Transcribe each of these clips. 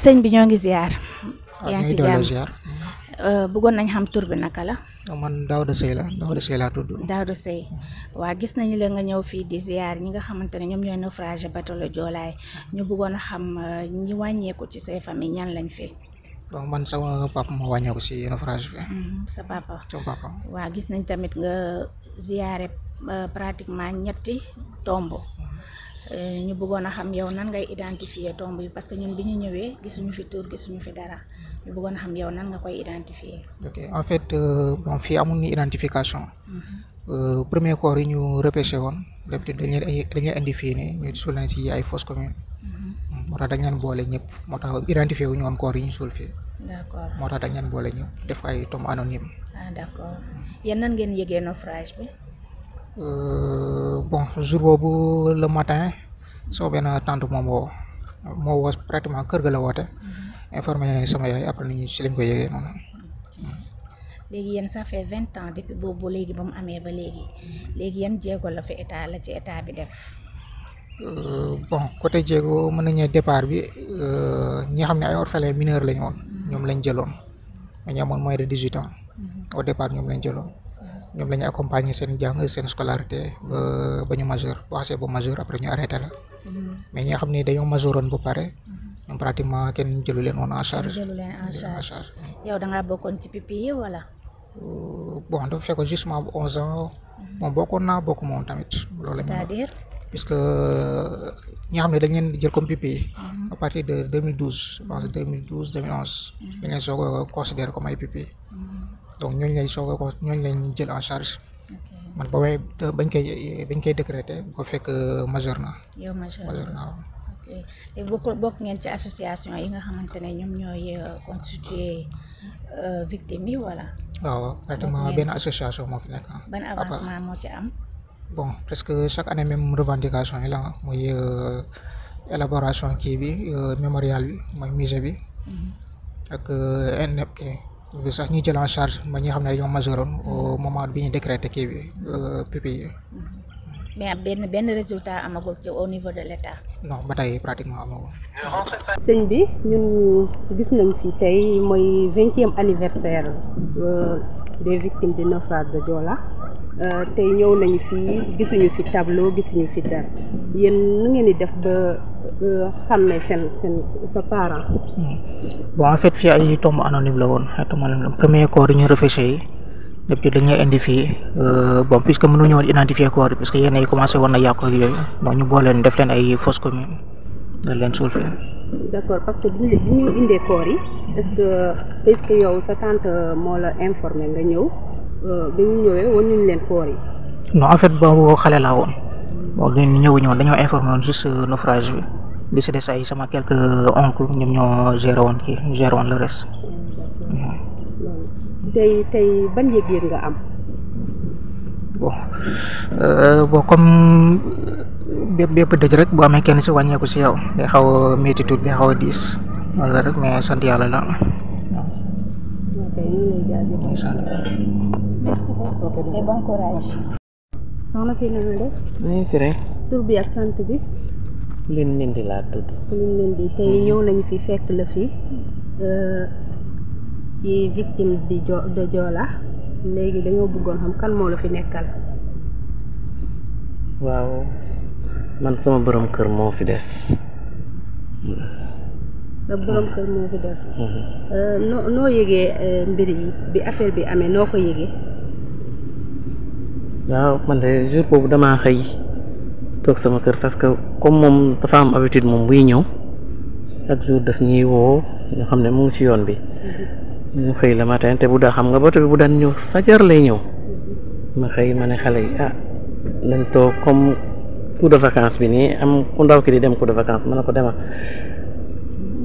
sëñ bi ñoo ngi ziar. Ah, yaa ngi si jàmm euh, bëggoon nañ xam tur bi naka la. Ah, man Daouda Seye la Daouda Seye laa tudd. Daouda Seye waa gis nañu la nga ñëw fi di ziar ñi nga xamante ne ñoom ñooy naufragé bateau Jolaay ñu bëggoon a xam euh, ñi ko ci say fami ñan lañ fi. waaw man sama papa ma ko si naufrage bi. Mm-hmm, sa papa sa papa. waa gis nañ tamit nga ziare euh, pratiquement ñetti tombo Eh, ñu bëggoon a xam yow nan ngay identifier tomb bi parce que ñun bi ñu ñëwee gisuñu fi tour gisuñu fi dara ñu bëggoon a xam yow nan nga koy identifier ok en fait euh, bon fii amul ni identification mhm. euh, premier corps yi ñu repêché woon d'habitude dañuy dañuy indi fii ne ñu suul nañ si ay fosse commune mhm. moo tax dañ leen boole ñëpp moo tax identifié wu ñu woon corps yi ñu suul fii d'accord moo tax dañ leen boole ñëpp def ay tomb anonyme ah d'accord yéen nan ngeen yëgee naufrage bi Euh, bon jour boobu le matin soo benn tante moom woo moo woo pratiquement kër ga la woote informé sama yaay après nit si lañ ko yëgee noonu. léegi yéen ça fait vingt ans depuis boobu léegi ba mu amee ba léegi léegi yan jéego la fi état la ci état bi def. Euh, bon côté jéego mën nañu départ bi euh, ñi xam ne ay orphelins mineurs lañu woon ñoom lañ jëloon ñoo amoon moins de dix huit ans mhm. au départ ñoom lañ jëloon. ñoom la ñu accompagner seen jàng seen scolarité eh, ba ba mazur majeur bu xasee ba majeur après ñu arrêté la mhm. mais ñi nga xam pare mhm. Yang berarti makin jëlu on asar en asar. jëlu leen en charge yow da ngaa bokkoon ci pipi yi ya, wala bon ma fekkoon justement bu bo kon na bo ko mon tamit loolu c'est-à-dire puisque ñi xam dañ leen jël comme pipi à partir de 2012 je pense 2012 2011 dañ leen soog a considérer comme ay pipi mhm. donc ñooñu lay soog a ko ñooñu jël en charge. man ba may bañ koy bañ koy décréter bu ko fekk euh, majeur naa. yow majeur majeur naa ngeen ci association yi nga xamante ne ñoom ñooy euh, constitué euh, victime yi voilà. waaw pratiquement benn association moo fi nekk ah. ban avancement moo ci am. bon presque chaque année même revendication yi la ah muy élaboration kii bi mémorial bi mooy musée bi. Mhm. ak NFK. bi sax ñu jël en charge ba ñi nga xam ne dañoo majeuroon au moment bi ñu décrété kii bi euh, mais benn benn résultat amagul ci au niveau de l' état. ba tey pratiquement amagul. sëñ bi ñun gis nañ fi tey mooy vingtième anniversaire euh, des victimes du naufrage de Joola euh, tey ñëw nañu fi gisuñu fi tableau gisuñu fi dara yéen nu ngeen def xamé sen sen sa parent hmm. bon en fait fi ay tombe anonyme la won ay tombe anonyme premier corps ñu reféché yi depuis dañ lay indi fi euh bon puisque mënu ñoo identifier corps parce que yene yi commencé won na yakk ak yoy donc ñu bolen def len ay fausse commune dal len d'accord parce que indé corps yi est-ce que est-ce que yow sa tante mo la informer nga ñew euh bi ñu ñëwé won ñu len corps yi non en fait xalé la won bon ñun ñëwuñu woon dañoo informé woon juste naufrage bi li si de say sama quelques oncle ñoom ñoo géré woon kii géré woon le reste. Hmm. tey tey ban yëg-yëg nga am. bon euh, comme euh, bépp bépp dëj rek bu amee kenn si wàññeeku si yow day xaw a métti tuut xaw a diis wala rek yàlla la. Sama sih na nga def may fi tur biasa nanti. sant bi leen leen di laa tudd leen leen di tey ñëw nañu fi fekk eh, la fi ci victime di jo de joola léegi dañoo bëggoon xam kan moo la fi nekkal man sama borom kër fides. sa borom kër moo fi des noo noo yëgee mbir yi bi affaire bi amee noo waaw man de jour boobu damaa xëy toog sama kër parce que comme moom dafa am habitude moom buy ñëw chaque jour daf ñuy woo ñu xam ne mu ngi ci yoon bi ñu xëy la matin te bu daa xam nga bato te bu daan ñëw fajar lay ñëw ma xëy ma ne xale yi ah nañ toog comme cours de vacances bi nii am ku ndaw ki di dem cours de vacances ma ne ko dema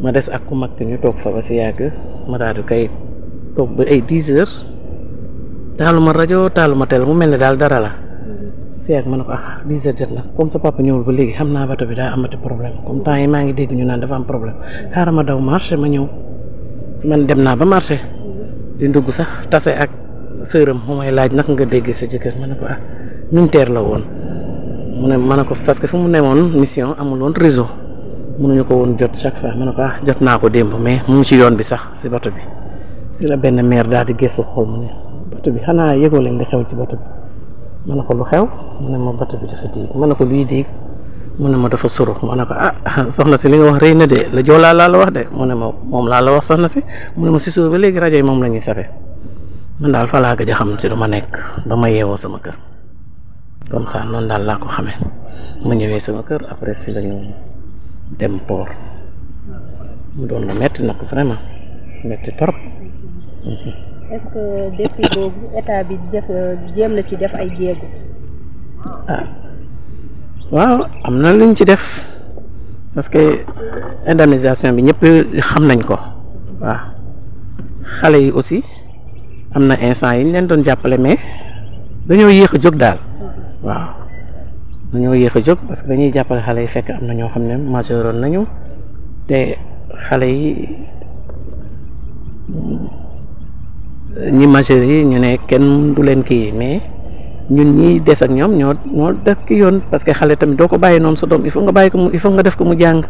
ma des ak ku mag ki ñu toog fa ba si yàgg ma daal di kay toog ba ay dix heures taaluma rajo ma tel mu melni dal dara la mm-hmm. si ak ma ah 10 heures jot na comme sa papa ñewul ba legi xamna bato bi da amati problème comme temps yi ma ngi deg ñu dafa am problème xara ma daw marché ma ñew man dem na ba marché di ndug sax tassé ak sëram mu may laaj nak nga deg sa jëkkër ma ne ko ah militaire la won mu ne manako parce que fu mu newoon mission amul won réseau mënuñu ko won jot chaque fois manako ah jot ko mais mu ci yoon bi sax si bato bi si la benn di gëstu xol mu ne bato bi xanaa yëgoo leen li xew ci bato bi ma ne ko lu xew mu ne ma bato dafa diig ma ne ko luy diig mu ne ma dafa suru ma ne ko ah, ah soxna si li nga wax rëy na de la joolaa laa la wax de mu ne ma moom laa la wax soxna si mu ne ma si suuf ba léegi rajo yi moom la ñuy safe man daal fa a xam si lu ma nekk ba ma yeewoo sama kër comme ça noonu daal laa ko xamee mu ñëwee sama kër après si la ñu dem port mu doon lu metti nag vraiment metti trop. Mhm. est-ce que depuis bi def jéem na ci def ay jéego. Ah. waaw am na luñ ci def parce que euh, indemnisation bi ñëpp xam nañ ko waaw xale yi aussi am na instant yi ñu leen doon jàppale mais dañoo yéex a jóg daal waaw dañoo yéex a jóg parce que dañuy jàppale xale yi fekk am na ñoo xam ne majeuroon nañu te xale yi. ñi majeur yi ñu ne kenn du leen kii mais ñun ñi des ak ñoom ñoo def ki yoon parce que xale tamit doo ko bàyyi noonu sa doom il faut nga ko mu il faut nga def ko mu jàng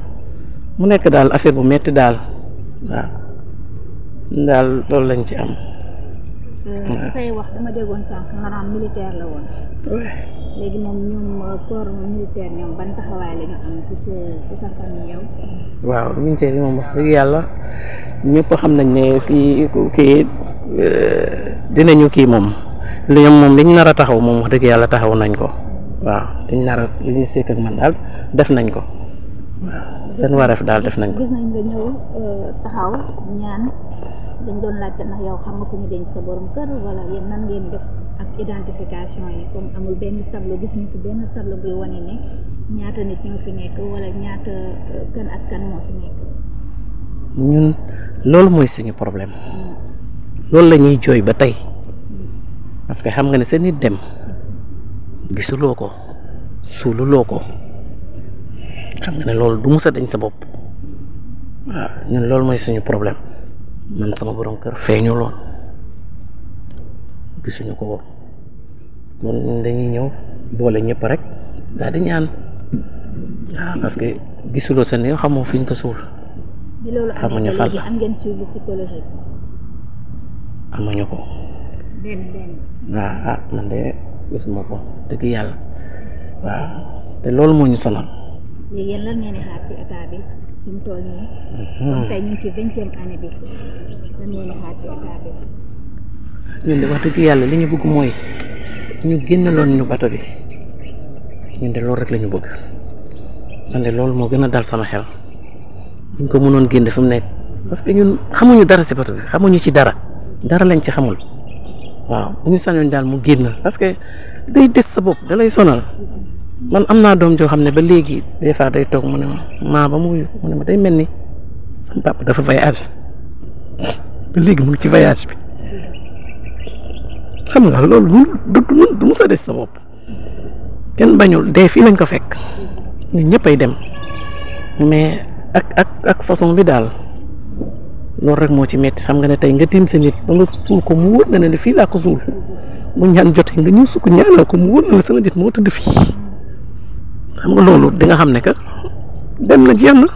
mu nekk daal affaire bu metti daal waaw daal loolu lañ ci am. Euh, léegi moom ñoom euh, corps militaire ñoom ban taxawaay la ñu am ci sa sa famille yow. waaw militaire yi moom wax dëgg yàlla ñëpp xam nañ ne fii kii. Eh, dinañu ki mom li ñoom mom liñ nara taxaw mom wax deug yalla taxaw nañ ko waaw liñ nara liñ sék ak man dal def nañ ko waaw seen waref dal def nañ ko. gis nañ nga ñew eh, taxaw ñaan dañ doon laaj ndax yow xam nga fu ñu denc sa borom kër wala yeen nan ngeen def ak identification yi comme amul benn tableau gis ñu fi benn tableau buy wane ne ñaata nit ñoo fi nekk wala ñaata eh, kan ak kan moo fi nekk. ñun loolu mooy suñu problème. Mm. loolu la ñuy jooy ba tey parce que xam nga ne sa nit dem gisuloo ko suululoo ko xam nga ne loolu du musa dañ sa bopp waaw ñun loolu mooy suñu problème man sama borom kër feeñu lool gisuñu ko woon kon dañuy ñëw boole ñëpp rek daal di ñaan waaw parce que gisuloo sa néew xamoo fiñ ko suul. xamuñu fan Amanya kok. den den waaw nah, ah man de gisuma ko dëgg yàlla waaw te loolu moo sonal ah, léegi yéen lan xaar ci état bi fi toll nii comme ñu ngi ci vingtième année bi lan xaar ci état bi ñun de wax dëgg li ñu bëgg ñu dal sama xel buñ ko mënoon génn fi net. Pas parce que ñun xamuñu dara si bato bi dara lañ ci xamul waaw mu ñu sañoon daal mu génn parce que day des sa bopp da sonal man am naa doom joo xam ne ba léegi des fois day toog mu ne ma maa ba mu mu ne ma day mel ni sama papa dafa voyage ba léegi mu ngi ci voyage bi xam nga loolu mun du du mu sa des sa bopp kenn bañul dee fii lañ ko fekk ñun ñëppay dem mais ak ak ak façon bi daal. lo rek mo ci metti xam nga ne tay nga tim sa nit ba nga suul ko mu wóor na ne fi la ko sul mu ñaan jotté nga ñëw sukk ñaanal ko mu wóor na sama nit mo tudd fi xam nga lolu di nga xam ne ka dem na jenn na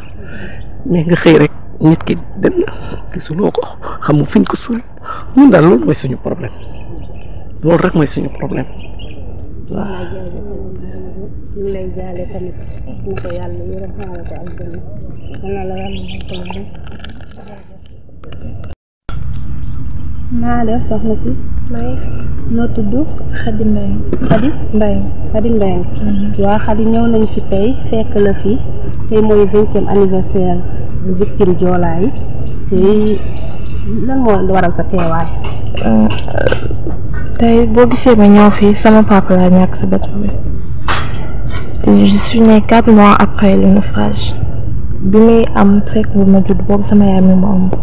mais nga xey rek nit ki dem na ci gisuloo ko xam mu fiñ ko sul ñun dal lolu moy suñu problème lolu rek moy suñu problème waaw. ñu lay jaale tamit na ko yàlla yërëm xaaral ko ak dënnu mën na la yàlla naa def soxna si. may noo tudd. Khady Mbengue. Khady Mbengue. Khady Mbengue. Mm-hmm. waaw Khady ñëw nañ fi tey fekk la fi tey mooy vingtième anniversaire victime Joola tey lan moo waral sa teewaay. Euh, tey boo gisee ma ñëw fii sama papa laa ñàkk si bateau bi te je suis née quatre mois après le naufrage bi muy am fekk bu ma judd boobu sama yaay mi ma ëmb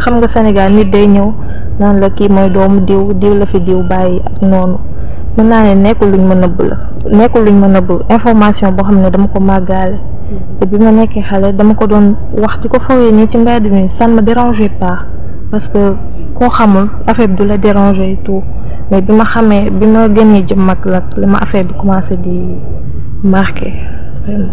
xam nga Sénégal nit day ñëw naan la kii mooy doomu diw diw la fi diw bàyyi ak noonu mën naa ne nekkul luñ ma nëbb la nekkul luñ ma nëbb information boo xam ne dama ko màggaale mm-hmm. te bi ma nekkee xale dama ko doon wax di ko fowee nii ci mbedd mi ça ne me pas parce que koo xamul affaire du la déranger et tout mais bi ma xamee bi ma gënee jëm mag la ma affaire bi commencé di marqué vraiment.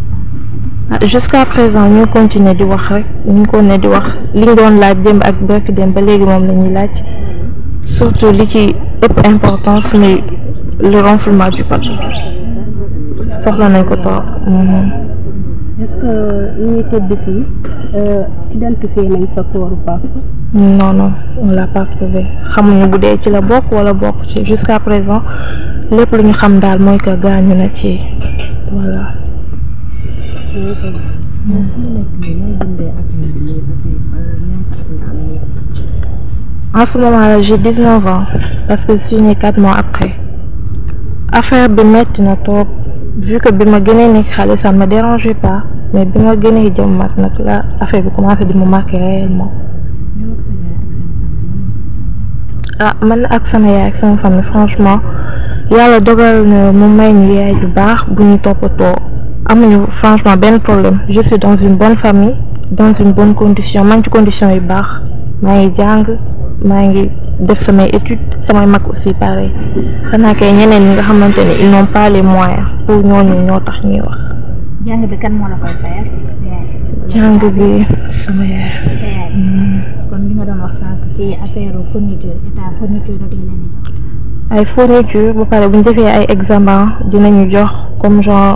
jusqu'à présent ñu continuer di wax rek ñu ko né di wax li ngone doon laaj démb ak bëkk dem ba légui mom la ñuy laaj surtout li ci ëpp importance muy le renflouement du bateau soxla nañ ko toog moom est-ce que ñi ñuy fi euh identifier nañ sa corps pas. non non on l'a pas trouvé xamuñu budé ci la bok wala bok ci jusqu'à présent lepp lu ñu xam dal moy ka gañu na ci voilà. En ce moment-là, j'ai 19 ans, parce que je suis née 4 mois après. Affaire de mettre na top, vu que je ma gënee nekk ça ne me dérangeait pas mais bi ma gënee jëm mag nag la affaire bi commencé di me marquer réellement. ah man ak sama yaay ak sama famille franchement yàlla dogal na mu may ñu yaay ju baax bu ñu toppatoo amuñu franchement ben problème je suis dans une bonne famille dans une bonne condition maa condition yu baax mangi jang mangi def sama études sama mak aussi pareil xanaa kay ñeneen ñi nga xamante ils n'ont pas les moyens pour ñooñu ñoo tax ñuy wax. jang bi kan mo la koy faire jang bi sama yaay. kon li nga doon wax sank ci affaire fourniture état fourniture rek la ay fourniture ba paré bu ñu ay examen dinañu jox comme genre.